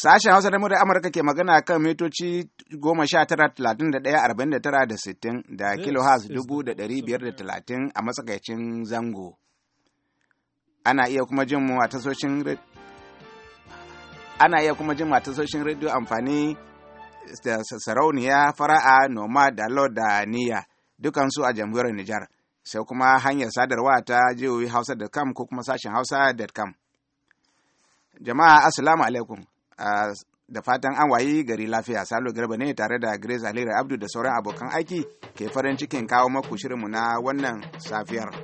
Sashen Hausa da Murar Amurka ke magana kan mitoci goma sha tara talatin da ɗaya arba'in da tara da sittin da kilohaz dubu da ɗari biyar da talatin a matsakaicin zango. Ana iya kuma jin mu a tasoshin ana iya kuma jin tasoshin rediyo amfani da sarauniya fara'a noma da da niyya dukansu a jamhuriyar Nijar sai kuma hanyar sadarwa ta jihohi hausa.com ko kuma sashen hausa.com. Jama'a assalamu alaikum. da fatan an wayi gari lafiya salo garba ne tare da grace alira abdu da sauran abokan aiki ke farin cikin kawo maku shirinmu na wannan safiyar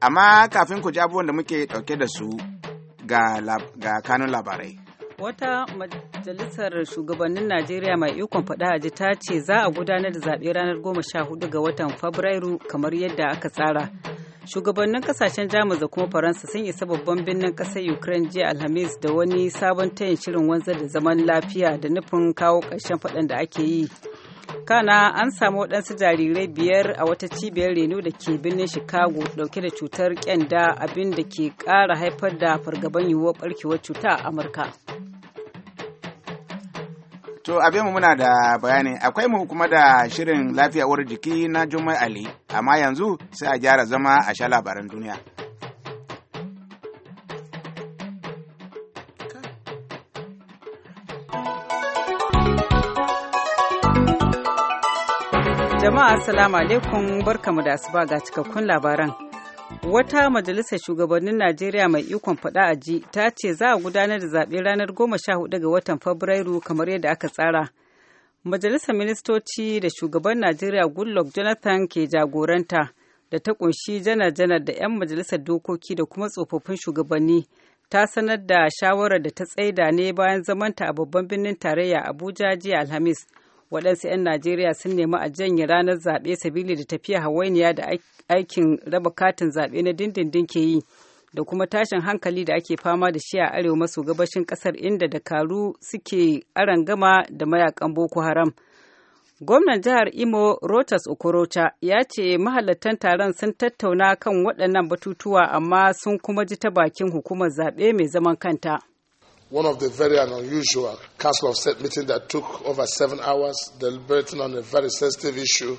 amma kafin ku ji abubuwan da muke dauke da su ga, ga kanun labarai wata majalisar shugabannin najeriya mai ikon faɗa a ji ta ce za a gudanar da zaɓe ranar goma sha hudu ga watan fabrairu kamar yadda aka tsara shugabannin kasashen jamus da kuma faransa sun isa babban birnin kasar ukraine jiya alhamis da wani sabon tayin shirin wanzar da zaman lafiya da nufin kawo ƙarshen faɗan da ake yi kana an samu waɗansu jarirai biyar a wata cibiyar reno da ke birnin chicago ɗauke da cutar kyanda abin da ke ƙara haifar da fargaban yiwuwar ɓarkewar cuta a amurka To abin mu muna da bayani akwai mu kuma da shirin lafiya uwar jiki na Jummai Ali amma yanzu sai a gyara zama a sha labaran duniya. Jama'a assalamu alaikum barkamu da asuba ga cikakkun labaran. Wata majalisar shugabannin Najeriya mai ikon faɗa a ji ta ce za a gudanar da zaɓe ranar 14 ga watan Fabrairu kamar yadda aka tsara. Majalisar ministoci da shugaban Najeriya Goodluck Jonathan ke jagoranta da ta kunshi janar-janar da 'yan majalisar dokoki da kuma tsofaffin shugabanni ta sanar da shawarar da ta tsaida ne bayan zamanta a babban birnin tarayya Abuja jiya Alhamis. waɗansu 'yan najeriya sun nemi a janye ranar zaɓe sabili da tafiya hawainiya da aikin raba katin zaɓe na dindindin ke yi da kuma tashin hankali da ake fama da shi a arewa maso gabashin ƙasar inda dakaru suke arangama da mayakan boko haram gwamnan jihar imo rotas okorocha ya ce mahalattan taron sun tattauna kan waɗannan batutuwa amma sun kuma ji ta bakin hukumar zaɓe mai zaman kanta one of the very unusual Council of State meetings that took over seven hours, deliberating on a very sensitive issue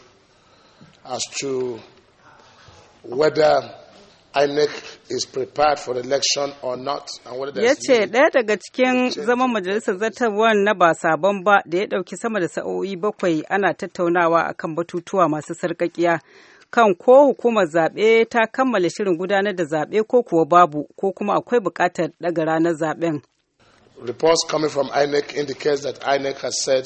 as to whether INEC is prepared for election or not and whether Ya ce ɗaya daga cikin zaman majalisar zartarwar na ba sabon ba da ya ɗauki sama da sa'o'i bakwai ana tattaunawa akan batutuwa masu sarƙaƙiya kan ko hukumar zaɓe ta kammala shirin gudanar da zaɓe ko kuwa babu ko kuma akwai buƙatar ɗaga ranar zaɓen. reports coming from INEC indicates that INEC has said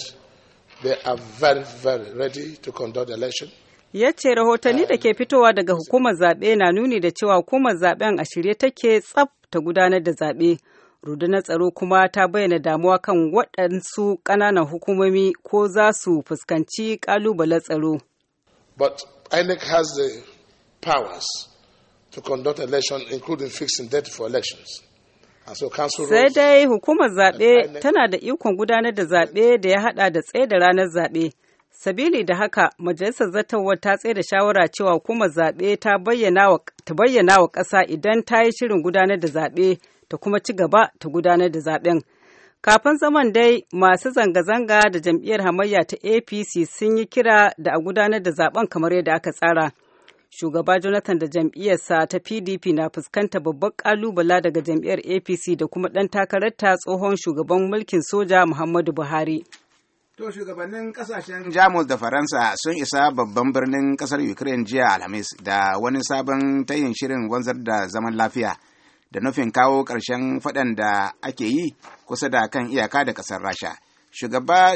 they are very, very ready to conduct the election. ya ce rahotanni da ke fitowa daga hukumar zaɓe na nuni da cewa hukumar zaɓen a shirye take tsaf ta gudanar da zaɓe rundunar tsaro kuma ta bayyana damuwa kan waɗansu ƙananan hukumomi ko za su fuskanci ƙalubalen tsaro but inec has the powers to conduct election including fixing date for elections sai dai hukumar zaɓe tana da ikon gudanar da zaɓe da ya haɗa da tsaye da ranar zaɓe sabili da haka majalisar zartarwar ta tsaye da shawara cewa hukumar zaɓe ta bayyana wa ƙasa idan ta yi shirin gudanar da zaɓe ta kuma ci gaba ta gudanar da zaɓen kafin zaman dai masu zanga-zanga da jam'iyyar hamayya ta apc sun yi kira da a gudanar da zaɓen kamar yadda aka tsara shugaba jonathan da jam'iyyarsa ta pdp na fuskanta babban kalubala daga jam'iyyar apc da kuma ɗan takararta tsohon shugaban mulkin soja muhammadu buhari To shugabannin kasashen Jamus da Faransa sun isa babban birnin kasar Ukraine jiya Alhamis da wani sabon tayin shirin wanzar da zaman lafiya da nufin kawo ƙarshen faɗan da ake yi kusa da kan iyaka da ƙasar Rasha.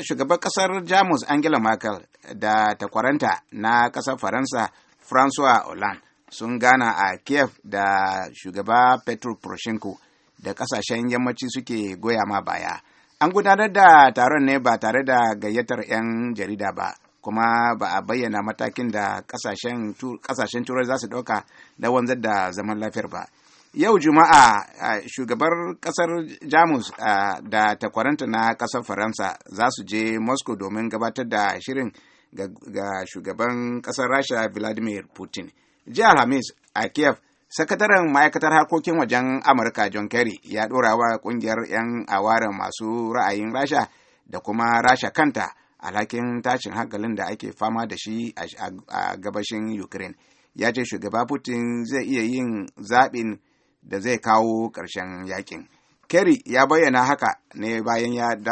Shugaba ƙasar Jamus Angela Merkel da takwaranta na ƙasar Faransa francois hollande sun gana a kiev da shugaba petro poroshenko da kasashen yammaci suke goya ma baya an gudanar da taron ne ba tare da gayyatar 'yan jarida ba kuma ba a bayyana matakin da kasashen turai za su ɗauka da wanzar da zaman lafiyar ba yau juma'a shugabar kasar jamus da takwaranta na kasar faransa za su je moscow domin gabatar da shirin ga shugaban ƙasar rasha vladimir putin jiya hamis a kiev sakataren ma'aikatar harkokin wajen amurka john kerry ya ɗora wa ƙungiyar 'yan awarin masu ra'ayin rasha da kuma rasha kanta alhakin tashin hankalin da ake fama da shi a gabashin ukraine ya ce shugaba putin zai iya yin zaɓin da zai kawo ƙarshen yakin kerry ya bayyana haka ne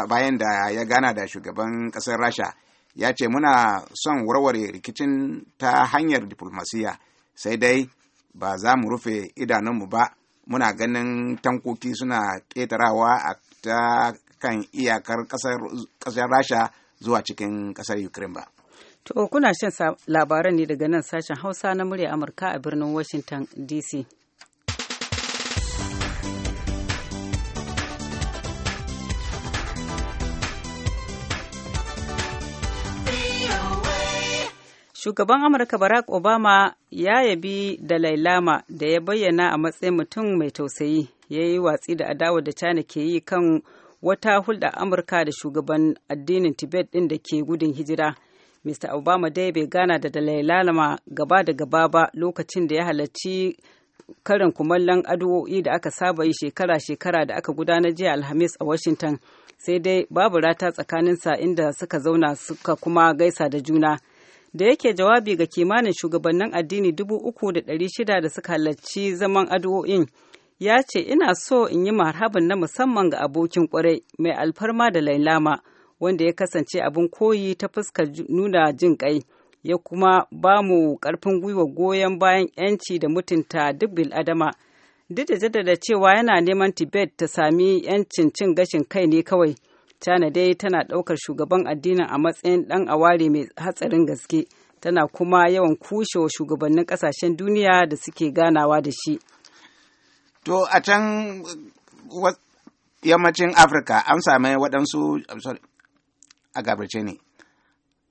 bayan da ya gana da shugaban ƙasar rasha ya ce muna son warware rikicin ta hanyar diplomasiya sai dai ba za mu rufe idanunmu ba muna ganin tankoki suna ƙetarawa a ta kan iyakar ƙasar rasha zuwa cikin ƙasar ukraine ba to kuna shan labaran ne daga nan sashen hausa na murya amurka a birnin washington dc Shugaban Amurka Barack Obama ya yabi Dalai Lama da ya bayyana a matsayin mutum mai tausayi, ya yi watsi da adawa da China ke yi kan wata hulɗa Amurka da shugaban addinin Tibet ɗin da ke gudun hijira. Mr. Obama dai bai gana da Dalai Lama gaba da gaba ba lokacin da ya halarci karin kumallon addu'o'i da aka saba yi shekara-shekara da aka gudanar jiya Alhamis a Washington. Sai dai babu rata tsakaninsa inda suka zauna suka kuma gaisa da juna. da yake jawabi ga kimanin shugabannin addini dubu uku da ɗari shida da suka halarci zaman addu'o'in ya ce ina so in yi marhaban na musamman ga abokin kwarai mai alfarma da lailama wanda ya kasance abin koyi ta fuskar nuna jin kai ya kuma ba mu karfin gwiwa goyon bayan yanci da mutunta duk bil'adama duk da jaddada cewa yana neman tibet ta sami yancin cin gashin kai ne kawai China dai tana ɗaukar shugaban addinin a matsayin ɗan aware mai hatsarin gaske, tana kuma yawan kushe wa shugabannin ƙasashen duniya da suke ganawa da shi. To a can yammacin Afirka an same waɗansu a gabarce ne.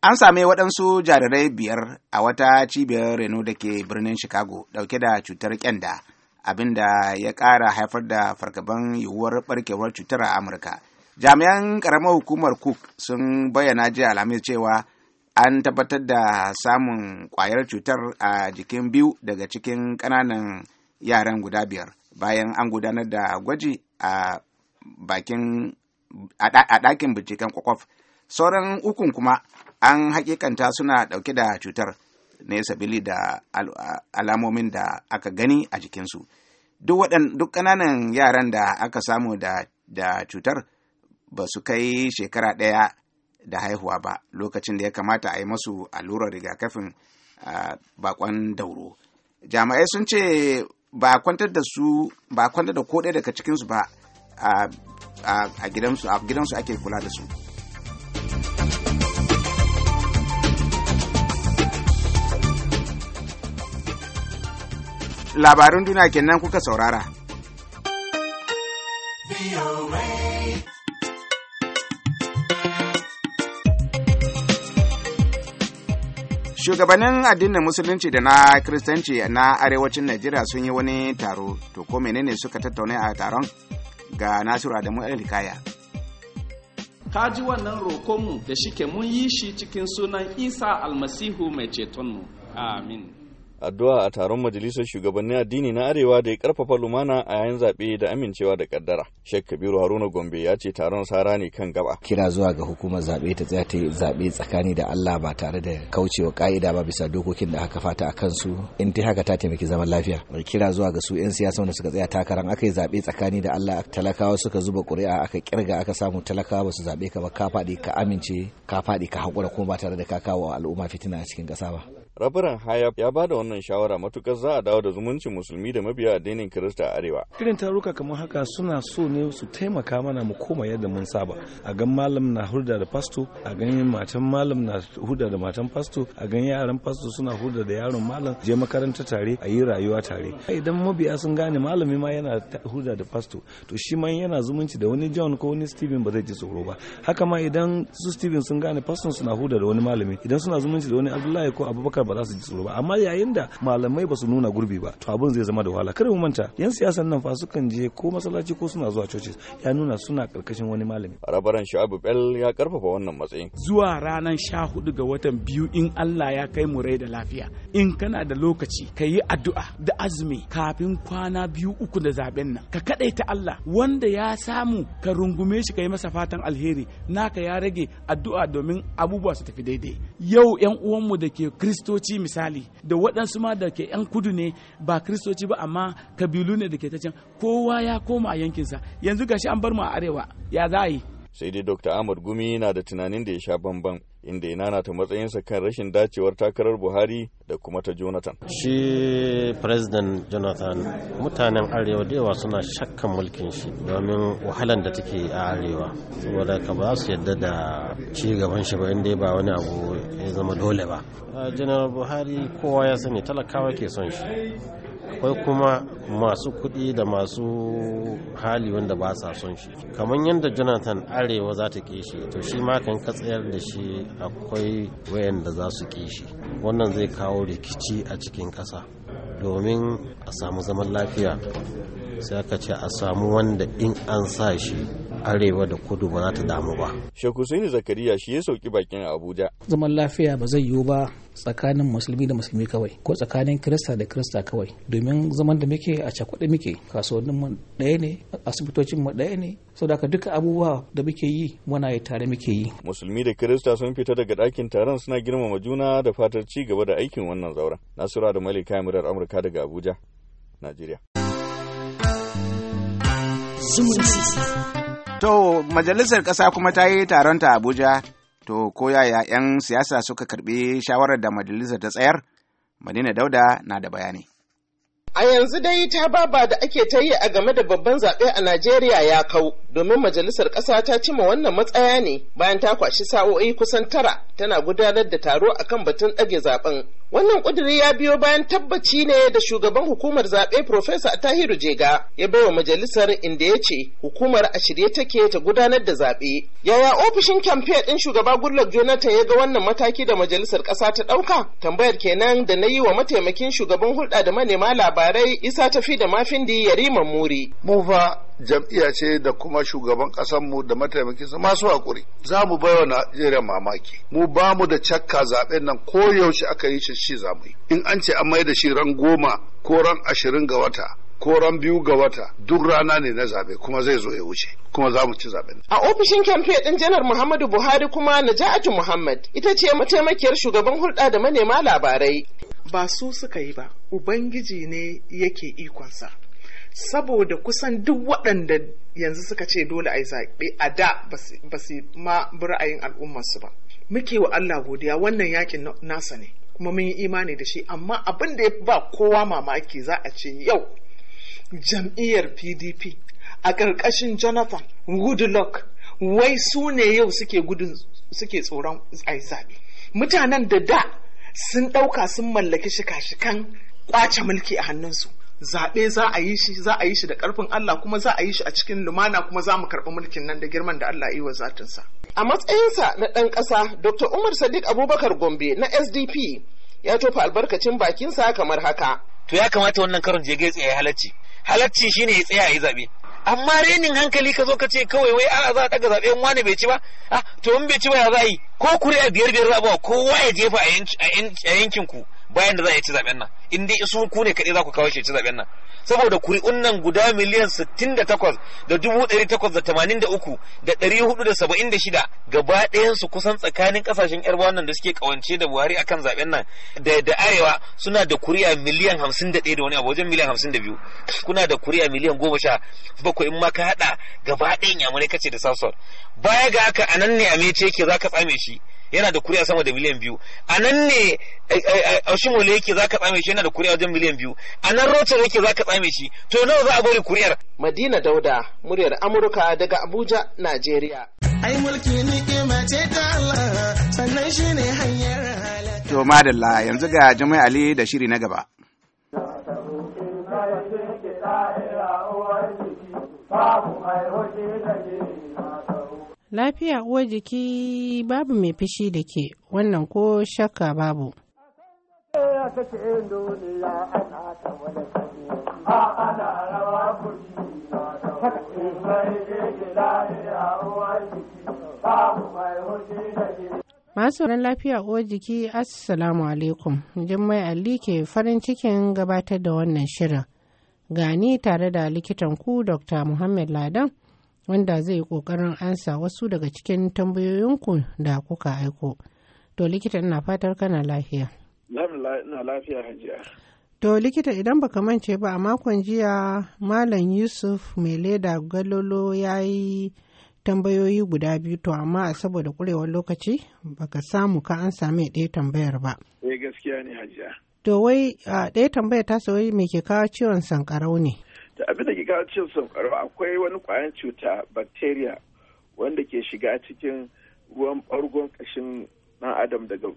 An same waɗansu jarirai biyar a wata cibiyar reno da ke birnin Chicago ɗauke da cutar kyanda abinda ya ƙara haifar da fargaban yiwuwar barkewar cutar a Amurka. jami'an karamar hukumar cook sun bayyana jiya alhamis cewa an tabbatar da samun kwayar cutar a jikin biyu daga cikin kananan yaran guda biyar bayan an gudanar da gwaji a bakin a ɗakin binciken kwakwaf sauran ukun kuma an hakikanta suna ɗauke da cutar ne sabili da alamomin da aka gani a jikinsu duk ƙananan yaran da aka samu da cutar ba su kai shekara ɗaya da haihuwa ba lokacin da ya kamata a yi masu allurar rigakafin bakon dauro jami'ai sun ce ba kwantar da su ba kwantar da ko ɗaya daga cikinsu ba a gidansu a gidansu ake kula da su Labarin duniya kenan kuka saurara. Shugabannin addinin Musulunci da na Kiristanci na arewacin Najeriya sun yi wani taro, to ko menene suka tattauna a taron ga Nasiru Adamu alikaya Ka ji wannan rokonmu da shike mun yi shi cikin sunan Isa almasihu mai cetonmu. Amin. addu'a a taron majalisar shugabanni addini na arewa da ya karfafa lumana a yayin zaɓe da amincewa da kaddara shek kabiru haruna gombe ya ce taron sara ne kan gaba kira zuwa ga hukumar zaɓe ta tsaya ta zaɓe tsakani da allah ba tare da kaucewa ka'ida ba bisa dokokin da aka fata a kansu in ta haka ta taimaki zaman lafiya Mai kira zuwa ga su yan siyasa wanda suka tsaya takaran aka yi zaɓe tsakani da allah talakawa suka zuba ƙuri'a aka kirga aka samu talakawa ba su zaɓe ka ba ka faɗi ka amince ka faɗi ka haƙura kuma ba tare da ka kawo al'umma fitina a cikin ƙasa ba rabaran hayab ya ba da wannan shawara matukar za a dawo da zumuncin musulmi da mabiya addinin kirista a arewa irin taruka kamar haka suna so ne su taimaka mana mu koma yadda mun saba a gan malam na hurda da pasto a gan matan malam na hurda da matan pasto a gan yaran pasto suna hurda da yaron malam je makaranta tare a yi rayuwa tare idan mabiya sun gane malami ma yana hurda da pasto to shi ma yana zumunci da wani john ko wani steven ba zai ji tsoro ba haka ma idan su steven sun gane pasto suna hurda da wani malami idan suna zumunci da wani abdullahi ko abubakar ba za su ji tsoro ba amma yayin da malamai ba su nuna gurbi ba to abin zai zama da wahala kada mu manta yan siyasan nan fa sukan je ko masallaci ko suna zuwa churches ya nuna suna karkashin wani malami rabaran shabu bel ya karfafa wannan matsayin zuwa ranar sha hudu ga watan biyu in Allah ya kai mu rai da lafiya in kana da lokaci ka yi addu'a da azumi kafin kwana biyu uku da zaben nan ka ta Allah wanda ya samu ka rungume shi ka yi masa fatan alheri naka ya rage addu'a domin abubuwa su tafi daidai yau yan uwanmu da ke kristo kiristoci misali da waɗansu ma da ke 'yan kudu ne ba kiristoci ba amma kabilu ne da ke ta can kowa ya koma a yankinsa yanzu gashi an bar mu a arewa ya za a yi sai dai dr ahmad gumi na da tunanin da ya sha bamban inda ya ta matsayinsa kan rashin dacewar takarar buhari da kuma ta jonathan shi president jonathan mutanen arewa da yawa suna shakkan mulkin shi domin wahalan da take a arewa saboda ka ba su yadda da ci gaban shi ba inda ba wani abu ya zama dole ba general buhari kowa ya sani talakawa ke son shi akwai kuma masu kuɗi da masu hali wanda ba sa son shi kamar yadda jonathan arewa za ta ƙi shi to shi ma tsayar da shi akwai wayanda za su ƙi shi wannan zai kawo rikici a cikin ƙasa domin a samu zaman lafiya sai aka ce a samu wanda in an sa shi arewa da kudu ba za ta damu ba. Sani Zakariya shi ya sauki bakin Abuja. Zaman lafiya ba zai yiwu ba tsakanin musulmi da musulmi kawai ko tsakanin kirista da kirista kawai domin zaman da muke a cakuɗe muke kasuwannin mu ɗaya ne asibitocin mu ɗaya ne saboda duka abubuwa da muke yi muna yi tare muke yi. Musulmi da kirista sun fita daga ɗakin taron suna girmama juna da fatar ci gaba da aikin wannan zauren. Nasura da Malika Murar Amurka daga Abuja, Najeriya. zumunci. To, majalisar ƙasa kuma ta yi taron ta Abuja, to ko yaya 'yan siyasa suka karɓi shawarar da majalisar ta tsayar? Madina Dauda na da bayani. A yanzu dai ta baba da ake ta yi a game da babban zaɓe a Najeriya ya kau, domin majalisar ƙasa ta cima wannan matsaya ne bayan ta kwashi sa'o'i kusan tara tana gudanar da taro akan batun ɗage zaɓen Wannan ƙuduri ya biyo bayan tabbaci ne da shugaban hukumar zaɓe Profesa Tahiru Jega ya baiwa majalisar inda ya ce hukumar a shirye take ta gudanar da zaɓe. Yaya ofishin kyamfe ɗin shugaba Goodluck Jonathan ya ga wannan mataki da majalisar ƙasa ta ɗauka? Tambayar kenan da na yi wa mataimakin shugaban hulɗa da manema labarai Isa Tafi da Mafindi Yariman Muri. Mu fa jam'iyya ce da kuma shugaban mu da mataimakin sa masu haƙuri. Za mu baiwa Najeriya mamaki. Mu ba mu da cakka zaɓen nan koyaushe aka yi shi shi za in an ce an maida shi ran goma ko ran ashirin ga wata ko ran biyu ga wata duk rana ne na zabe kuma zai zo ya wuce kuma za mu ci zabe A ofishin kyamfe ɗin janar Muhammadu Buhari kuma Naja'atu Muhammad ita ce mataimakiyar shugaban hulɗa da manema labarai. Ba su suka yi ba, Ubangiji ne yake ikonsa. Saboda kusan duk waɗanda yanzu suka ce dole a yi zaɓe a da ba su ma bi ra'ayin al'ummarsu ba. Muke wa Allah godiya wannan yakin nasa ne. kuma mun yi imani da shi amma abin da ya ba kowa mamaki za a ce yau jam'iyyar pdp a ƙarƙashin jonathan woodlock wai su ne yau suke tsoron zaɓe mutanen da da sun ɗauka sun mallaki shika-shikan ƙwace mulki a hannunsu zaɓe za a yi shi za a yi shi da ƙarfin Allah kuma za a yi shi a cikin lumana kuma za mu karɓi mulkin nan da girman da Allah yi wa zatinsa. A matsayinsa na ɗan ƙasa, Dr. Umar Sadiq Abubakar Gombe na SDP ya tofa albarkacin bakinsa kamar haka. To ya kamata wannan karon je gai tsaye halacci. Halacci shine ya tsaya yi zaɓe. Amma renin hankali ka zo ka ce kawai wai a'a za a ɗaga zaɓe in wani bai ci ba? Ah, to in bai ci ba ya za a yi? Ko kuri'a biyar biyar za a kowa ya jefa a yankin ku. bayan da za a ci zaben nan in dai isu ku ne kaɗai za ku kawo shi ci zaben nan saboda kuri'un nan guda miliyan 68 da takwas da 476 gaba ɗayan su kusan tsakanin ƙasashen yar wannan da suke kawance da buhari akan zaben nan da da arewa suna da kuri'a miliyan 51 da wani abu wajen miliyan 52 kuna da kuri'a miliyan 17 in ma ka haɗa gaba ɗayan yamurai kace da sassuwar baya ga haka anan ne a mece yake za ka tsame shi yana da kuri'a sama da miliyan biyu a nan ne a eh, eh, eh, Oshimole yake za ka tsame shi yana da kuri'a wajen miliyan biyu a nan rotar yake za ka tsame shi to nawa za a bari kuri'ar. Madina Dauda muryar Amurka daga Abuja Najeriya. Ai mulki ni'ima ce ta Allah sannan shi ne hanyar halatta. To madalla yanzu ga Jami'a Ali da shiri na gaba. Babu mai da ke Lafiya uwa jiki babu mai fishi da ke wannan ko shakka babu. Masu ran lafiya uwa jiki Assalamu alaikum. Jummai Ali ke farin cikin gabatar da wannan shirin. Gani tare da likitan ku Dr. Muhammad Ladan. wanda zai yi ƙoƙarin ansa wasu daga cikin tambayoyinku da kuka aiko. To likita ina fatar kana lafiya. na lafiya hajiya. To likita idan baka mance ba a makon jiya Malam Yusuf mai leda galolo ya yi tambayoyi guda biyu to amma saboda kurewar lokaci baka samu ka an sami ɗaya tambayar ba. Eh gaskiya ne hajiya. To wai ɗaya tambayar ta wai me ke kawo ciwon sankarau ne? ta abin da ke kawo cin sankarau akwai wani kwayan cuta bacteria wanda ke shiga cikin ruwan ɓargon ƙashin ɗan adam daga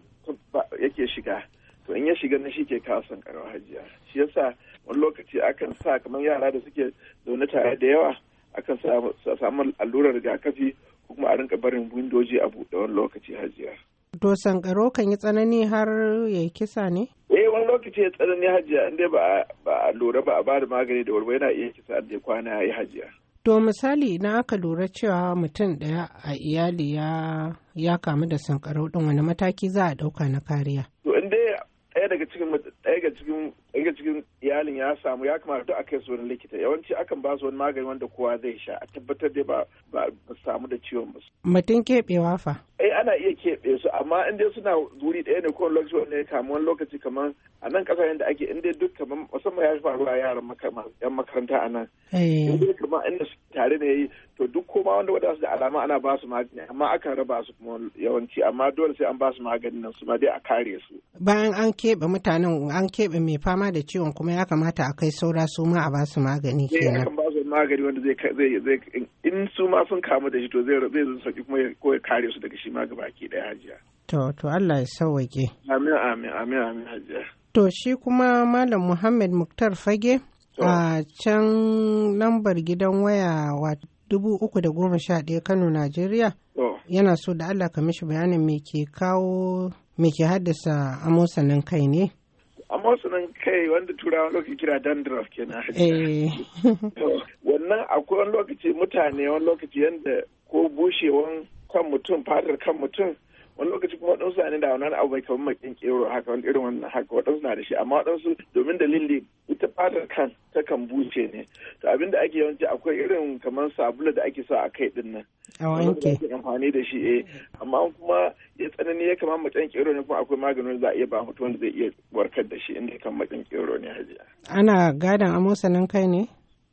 yake shiga to in ya shiga na shi ke kawo sankarau hajiya shi yasa wani lokaci akan sa kamar yara da suke zaune tare da yawa akan sa samu allurar rigakafi ko kuma a rinka barin windoji a buɗe wani lokaci hajiya. To sankaro kan yi tsanani har ya kisa ne? wani lokaci ya tsanani hajiya inda ba a lura ba a ba da magani da warwa yana iya kisa da kwana ya yi hajiya. To misali na aka lura cewa mutum daya a iyali ya kamu da sankarau ɗin wani mataki za a ɗauka na kariya. To in dai ɗaya daga cikin cikin iyalin ya samu ya kamata duk a kai su likita yawanci akan ba su wani magani wanda kowa zai sha a tabbatar da ba ba samu da ciwon ba. Mutum keɓewa fa. Eh, ana iya keɓe su amma in dai suna wuri ɗaya ne ko lokaci wanda ya kama wani lokaci kamar a nan ƙasashen da ake in dai duk kamar musamman ya faru a yaran yan makaranta a nan eh. in dai kamar inda su tare ne yi to duk koma wanda wanda su da alama ana ba su magani amma akan raba su kuma yawanci amma dole sai an ba su maganin nan su ma dai a kare su. bayan an keɓe mutanen an keɓe mai fama da ciwon kuma ya kamata a kai saura su ma a ba su magani eh, kenan. kan ba su magani wanda zai in su ma sun kamu da shi to zai zai zan sauki kuma ko ya kare su daga shi ma gaba ki daya hajiya to to Allah ya sauke amin amin amin amin hajiya to shi kuma malam Muhammad Muktar Fage a can lambar gidan waya wa dubu uku da goma sha ɗaya Kano Najeriya yana so da Allah ka mishi bayanin me ke kawo me ke haddasa amosanin kai ne amma sunan kai wanda turawa lokaci kira dandruff kenan eh. wannan akwai wani lokaci mutane wani lokaci yadda ko bushewan kan mutum fadar kan mutum wani lokaci kuma waɗansu ne da wani abu mai kamar makin kero haka wani irin wannan haka waɗansu na da shi amma waɗansu domin dalilin ita fatar kan ta kan buce ne to abinda ake yawanci akwai irin kamar sabula da ake sa a kai din nan a wanke amfani da shi eh amma kuma ya tsanani ya kamar makin kero ne kuma akwai maganin za a iya ba mutum wanda zai iya warkar da shi inda kan makin kero ne hajiya ana gadon amosanin kai ne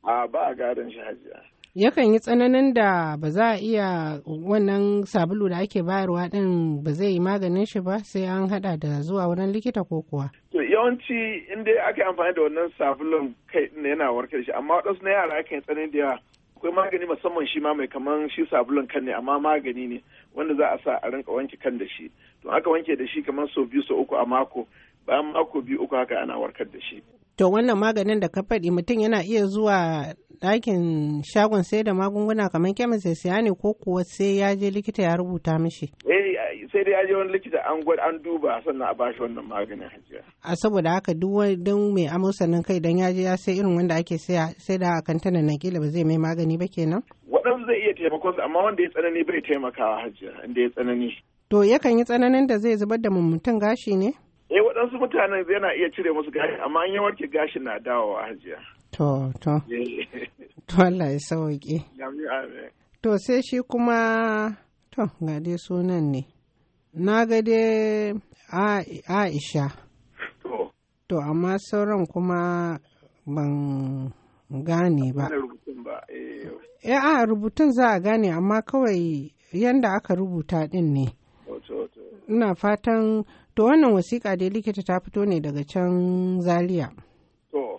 a ba a gadon shi hajiya yakan yi tsananin da ba za a iya wannan sabulu da ake bayarwa din ba zai yi maganin shi ba sai an hada da zuwa wurin likita ko kuwa. To yawanci in dai aka amfani da wannan sabulun kai ne yana warkar shi amma wadansu na yara aka yi tsananin da yawa akwai magani musamman shi ma mai kaman shi sabulun kan ne amma magani ne wanda za a sa a rinka wanke kan da shi to aka wanke da shi kamar sau biyu sau uku a mako bayan mako biyu uku haka ana warkar da shi. To wannan maganin da ka faɗi mutum yana iya zuwa ɗakin shagon sai da magunguna kamar kemis ya siya ne ko kuwa sai ya je likita ya rubuta mishi? Eh sai dai ya je wani likita an gwada an duba sannan a ba shi wannan maganin hajiya. A saboda haka duk wani mai amusanin kai dan ya je ya sai irin wanda ake saya sai da a tana na kila ba zai mai magani ba kenan? Waɗansu zai iya taimakon amma wanda ya tsanani bai taimakawa hajiya inda ya tsanani. To yakan yi tsananin da zai zubar da mutum gashi ne? eh waɗansu mutanen yana iya cire musu gashi amma an yi warke gashi na dawowa hajiya to to eh. to Allah ya sauke to sai shi kuma to ga dai sunan ne na ga dai Aisha to to amma sauran kuma ban gane ba ya eh. eh, a rubutun za a gane amma kawai yanda aka rubuta din ne ina fatan To wannan wasiƙa dai likita ta fito ne daga can Zaria.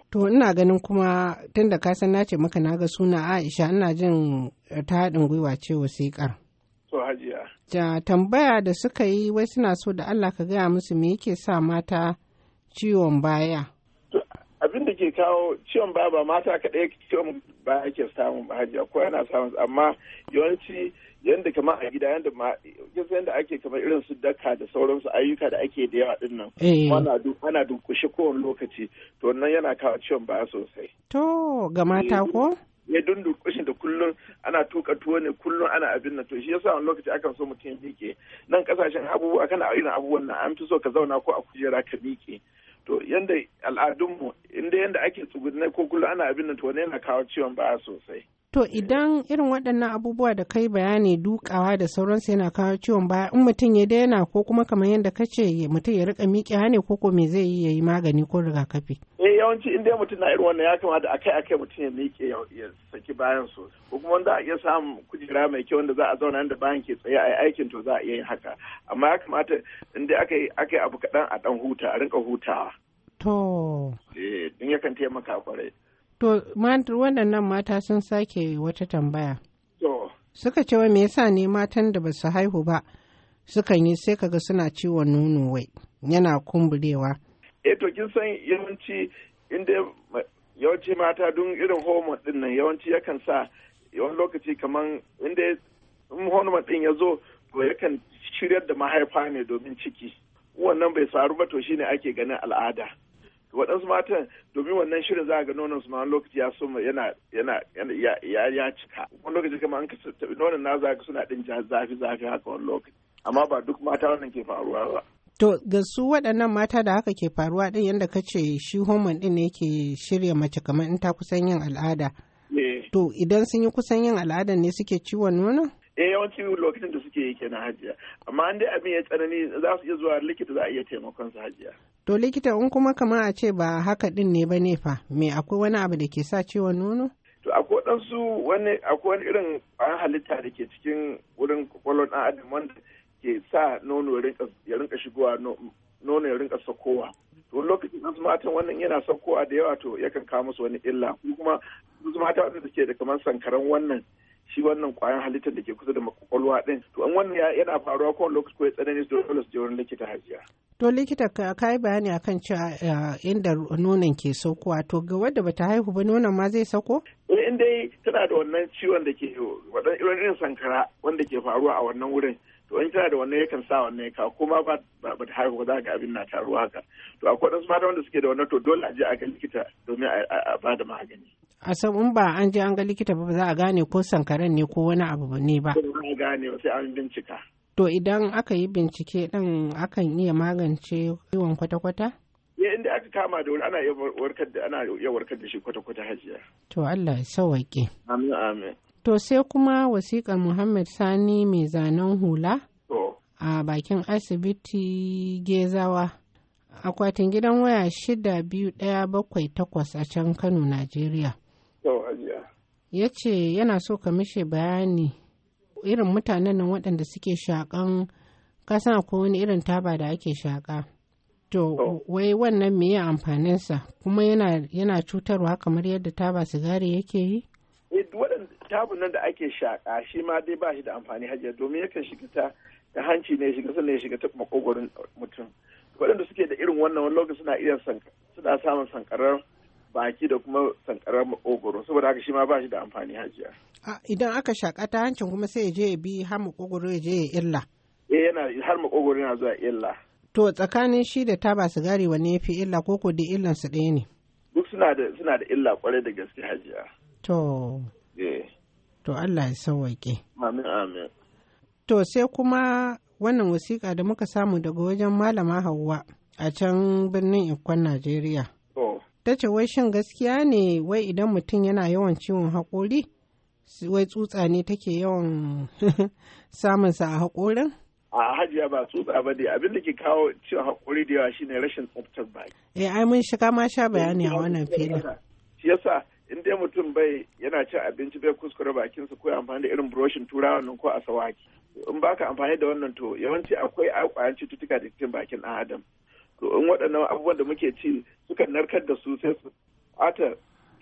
To ina ganin kuma tun da kasan na ce maka na ga suna Aisha ina jin ta haɗin gwiwa ce wasiƙar. To hajiya. Ja tambaya da suka yi wai suna so da Allah ka gaya musu me yake sa mata ciwon baya. Abin da ke kawo ciwon baya ba mata kaɗai ciwon ba ake samun hajiya ko yana samun amma yawanci yadda kama a gida yadda ma yadda ake kamar irin su daka da sauransu ayyuka da ake da yawa din nan eh. ana dunkushe kowane lokaci to nan yana kawo ciwon baya sosai to ga mata ko ya dunkushe da kullum ana tuka tuwo ne kullum ana abin nan to shi yasa wani lokaci akan so mutum ya miƙe nan kasashen abubuwa kana irin abubuwan nan an fi so ka zauna ko a kujera ka miƙe to yanda al'adunmu inda yanda ake tsugunne ko kullum ana abin nan to ne yana kawo ciwon baya sosai To idan irin waɗannan abubuwa da kai bayani dukawa da sauransu yana kawo ciwon baya in mutum ya daina ko kuma kamar yadda ka ce mutum ya rika miƙe hane ko ko me zai yi ya yi magani ko rigakafi. Eh yawanci in dai mutum na irin wannan ya kamata akai akai mutum ya miƙe ya saki bayan su ko kuma wanda a iya samun kujera mai kyau wanda za a zauna inda bayan ke tsaye a yi aikin to za a iya yin haka amma ya kamata in dai aka yi abu kaɗan a ɗan huta a rinka hutawa. To. Eh din yakan taimaka kwarai. To, waɗannan mata sun sake wata tambaya. Suka ce wai me yasa ne matan da ba su haihu ba sukan yi sai kaga suna ciwon nono wai yana kumburewa. Eh to kin san yawanci inda yawanci mata don irin hormone din nan yawanci yakan sa yawan lokaci kaman inda hormone din ya zo to yakan shiryar da mahaifa ne domin ciki. Wannan bai faru ba to shi ne ake ganin al'ada. waɗansu matan domin wannan shirin za a ga nonon su ma wani lokaci ya soma yana yana ya cika wani lokaci kamar an kasa nonon na za suna ɗin zafi zafi haka wani lokaci amma ba duk mata wannan ke faruwa ba. To ga su waɗannan mata da haka ke faruwa ɗin yadda ka ce shi homon ɗin ne ke shirya mace kamar in ta kusan yin al'ada. Eh. To idan sun yi kusan yin al'ada ne suke ciwon nono? eh yawanci lokacin da suke yi kenan hajiya amma an dai abin ya tsanani za su iya zuwa likita za a iya taimakon su hajiya to likita in kuma kamar a ce ba haka din ne ba ne fa me akwai wani abu da ke sa ciwon nono to akwai su wani akwai wani irin ƙwayar halitta da ke cikin wurin kwakwalwar ɗan adam wanda ke sa nono ya rinka shigowa nono ya rinka sakowa to lokacin wasu matan wannan yana saukowa da yawa to yakan kawo musu wani illa kuma wasu mata wanda ke da kamar sankaran wannan shi wannan kwayan halittar da ke kusa da makwakwalwa din to an wannan yana faruwa kowane lokaci ko ya tsanani dole su je wurin likita hajiya to likita ka yi bayani akan cewa eh, inda nonon ke saukowa to ga wadda bata haihu ba nonon ma zai sauko eh, in dai tana da wannan ciwon da ke wadan irin sankara wanda ke faruwa a wannan wurin to in tana da wannan yakan sa wannan ya kawo kuma ba ba ta haihu za ga abin na taruwa haka to akwai wasu mata wanda suke da wannan to dole a je a ga likita domin a ba da magani a san in ba an je an ga likita ba za a gane ko sankaran ne ko wani abu ne ba. Ba gane sai an bincika. To idan aka yi bincike din akan iya magance yiwon kwata-kwata? Ya eh, inda aka kama da wani, ana iya warkar da shi kwata-kwata hajiya. To Allah ya sawaƙe. Amin amin. To sai kuma wasiƙar Muhammad Sani mai zanen hula a bakin asibiti Gezawa. Akwatin gidan waya shida biyu ɗaya bakwai takwas a can Kano, Najeriya. ya ce yana so ka mishe bayani irin mutanen nan waɗanda suke shakan kasa ko wani irin taba da ake shaƙa to wai wannan me ya amfaninsa kuma yana cutarwa kamar yadda taba sigari yake yi eh, tabun nan da ake shaƙa shi ma dai ba shi da amfani hajiya domin yakan shiga ta da hanci ne shiga sannan ya shiga ta makogorin mutum waɗanda suke da irin wannan wani lokaci suna iya suna samun sankarar baki da kuma sankarar makogoro saboda haka shi ma ba shi da amfani hajiya. Idan aka shaƙa ta hancin kuma sai ya je ya bi har makogoro ya je ya illa. Eh yana har makogoro yana zuwa illa. To tsakanin shi da ba sigari wani ya fi illa ko ko da illan su ɗaya ne? Duk suna da suna da illa kwarai da gaske hajiya. To. Eh. To Allah ya sauwaƙe. Amin amin. To sai kuma wannan wasiƙa da muka samu daga wajen malama Hauwa a can birnin Ikon Najeriya. To. ta ce wai shin gaskiya ne wai idan mutum yana yawan ciwon haƙori wai tsutsa ne take yawan samunsa a haƙorin? a hajiya ba tsutsa ba dai abin da ke kawo ciwon haƙori da yawa shine rashin tsaftar baki. eh ai mun shiga ma sha bayani a wannan filin. shi yasa in dai mutum bai yana cin abinci bai kuskure bakinsa ko amfani da irin buroshin turawa nan ko a sawaki in baka amfani da wannan to yawanci akwai ƙwayan cututtuka da cikin bakin ɗan adam to in waɗannan abubuwan da muke ci suka narkar da su sai su ata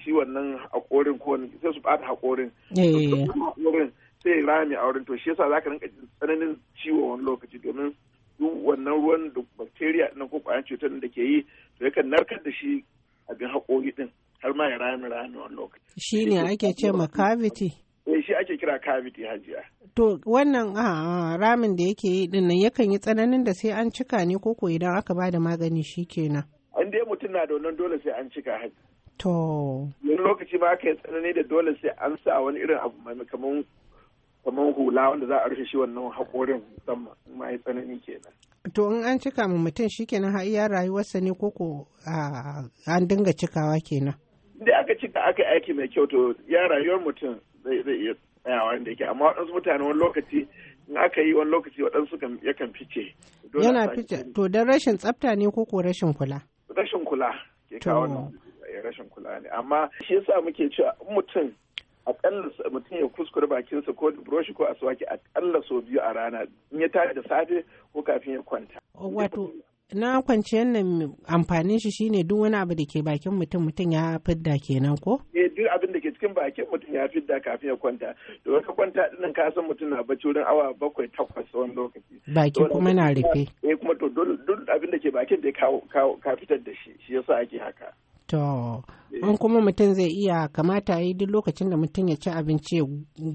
shi wannan haƙorin ko sai su ɓata haƙorin eh. haƙorin sai rami a wurin to shi yasa zaka rinka jin tsananin ciwo wani lokaci domin duk wannan ruwan da bacteria na ko kwayan cutar da ke yi to yakan narkar da shi abin haƙori ɗin har ma ya rami rami wani lokaci shi ne ake ce ma cavity eh shi ake kira cavity hajiya to wannan ah, ah, ramin da yake yi dinnan nan yakan yi tsananin da sai an cika ne koko idan aka ba da magani shi kenan in dai mutum na da wannan dole sai an cika hajji. to wani lokaci ma ka yi tsanani da dole sai an sa wani irin abu mai kaman kamar hula wanda za a rufe shi wannan haƙorin musamman ma yi tsanani kenan to in an cika ma mutum shi shikenan har iya rayuwarsa ne ko ko an dinga cikawa kenan Inda aka cika aka yi aiki mai kyau to ya rayuwar mutum zai iya tsayawa inda yake amma waɗansu mutane wani lokaci in aka yi wani lokaci waɗansu yakan fice yana fice to don rashin tsafta ne ko ko rashin kula rashin kula ke kawo rashin kula ne amma shi yasa muke cewa mutum akalla mutum ya kuskure bakin sa ko da buroshi ko aswaki akalla sau biyu a rana in ya tare da safe ko kafin ya kwanta. Wato na kwanciyar nan amfanin shi shine duk wani abu da ke bakin mutum mutum ya fidda kenan ko? Eh duk abin da ke cikin bakin mutum ya fidda kafin ya kwanta. To ka kwanta dinnan ka san mutum na bacci wurin awa bakwai takwas wani lokaci. Baki kuma na rufe. Eh kuma to duk abin da ke bakin da ka fitar da shi shi yasa ake haka. To, eh. in kuma mutum zai iya kamata yi duk lokacin da mutum ya ci abinci ya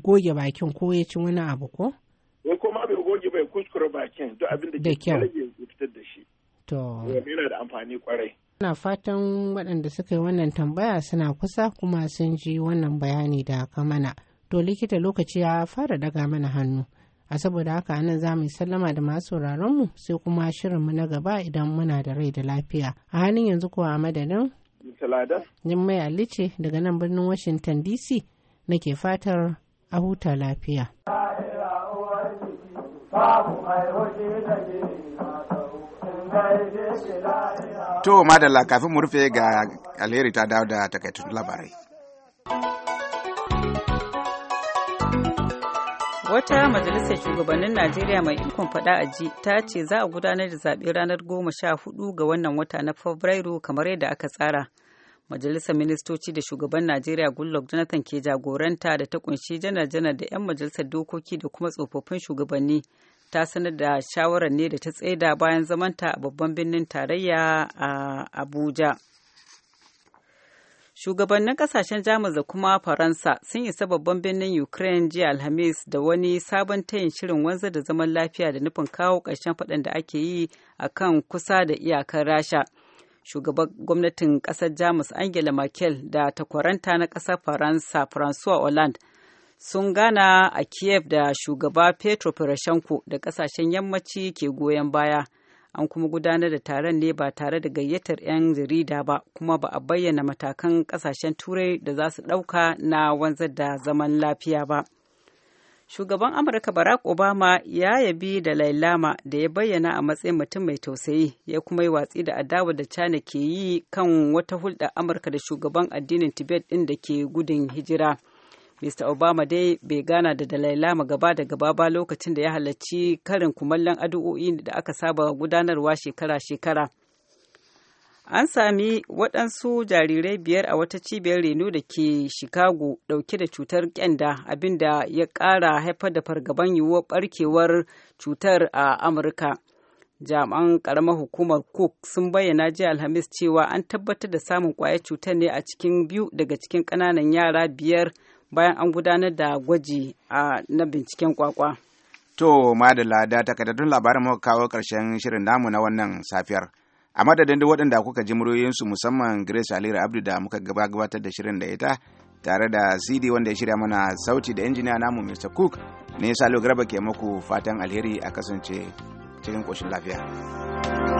goge bakin ko ya ci wani abu ko? Eh ko ma bai goge bai kuskure bakin duk abin da ke rage fitar da shi. To. Yana da amfani kwarai. Ina fatan waɗanda suka yi wannan tambaya suna kusa kuma sun ji wannan bayani da ka mana. To likita lokaci ya fara daga mana hannu. A saboda haka anan za mu sallama da masu mu sai kuma shirinmu na gaba idan muna da rai da lafiya. A halin yanzu kuwa a madadin? Salada. Jummai Ali ce daga nan birnin Washington DC nake fatar a huta lafiya. Babu mai da ke To madalla kafin mu rufe ga alheri ta dawo da takaitun labarai. Wata majalisar shugabannin Najeriya mai ikon fada a ji ta ce za a gudanar da zaɓe ranar goma sha hudu ga wannan wata na Fabrairu kamar yadda aka tsara. Majalisar ministoci da shugaban Najeriya Goodluck Jonathan ke jagoranta da ta kunshi janar-janar da 'yan majalisar dokoki da kuma tsofaffin shugabanni ta sanar da shawarar ne da ta tsaida bayan zamanta a babban birnin tarayya a abuja shugabannin kasashen jamus da kuma faransa sun isa babban birnin ukraine jiya alhamis da wani sabon tayin shirin wanzu da zaman lafiya da nufin kawo ƙarshen faɗin da ake yi a kan kusa da iyakar rasha shugaban gwamnatin ƙasar jamus angela merkel da takwaranta na ƙasar faransa francois hollande sun gana a Kiev da shugaba Petro Poroshenko da kasashen yammaci ke goyon baya. An kuma gudanar da taron ne ba tare da gayyatar 'yan jarida ba, kuma ba a bayyana matakan kasashen turai da za su ɗauka na wanzar da zaman lafiya ba. Shugaban Amurka Barack Obama ya yabi da Lailama da ya bayyana a matsayin mutum mai tausayi, ya kuma yi watsi da adawa da China ke yi kan wata hulɗa Amurka da shugaban addinin Tibet ɗin da ke gudun hijira. Mr. Obama dai bai gana da Dalai Lama gaba da gaba ba lokacin da ya halarci karin kumallon addu'o'i da aka saba gudanarwa shekara-shekara. An sami waɗansu jarirai biyar a wata cibiyar reno da ke Chicago ɗauke da cutar kyanda abinda ya ƙara haifar da fargaban yiwuwar ɓarkewar cutar a Amurka. Jami'an ƙaramar hukumar Cook sun bayyana jiya Alhamis cewa an tabbatar da samun ƙwayar cutar ne a cikin biyu daga cikin ƙananan yara biyar bayan an gudanar da gwaji na binciken kwakwa. To, madala da takaddun labarin muka kawo karshen shirin namu na wannan safiyar. A madadin duk waɗanda kuka ji muryoyinsu musamman Grace Alira Abdu da muka gabatar da shirin da ita tare da CD wanda ya shirya mana sauti da injiniya namu Mr. Cook ne Salo Garba ke muku fatan alheri a kasance cikin ƙoshin lafiya.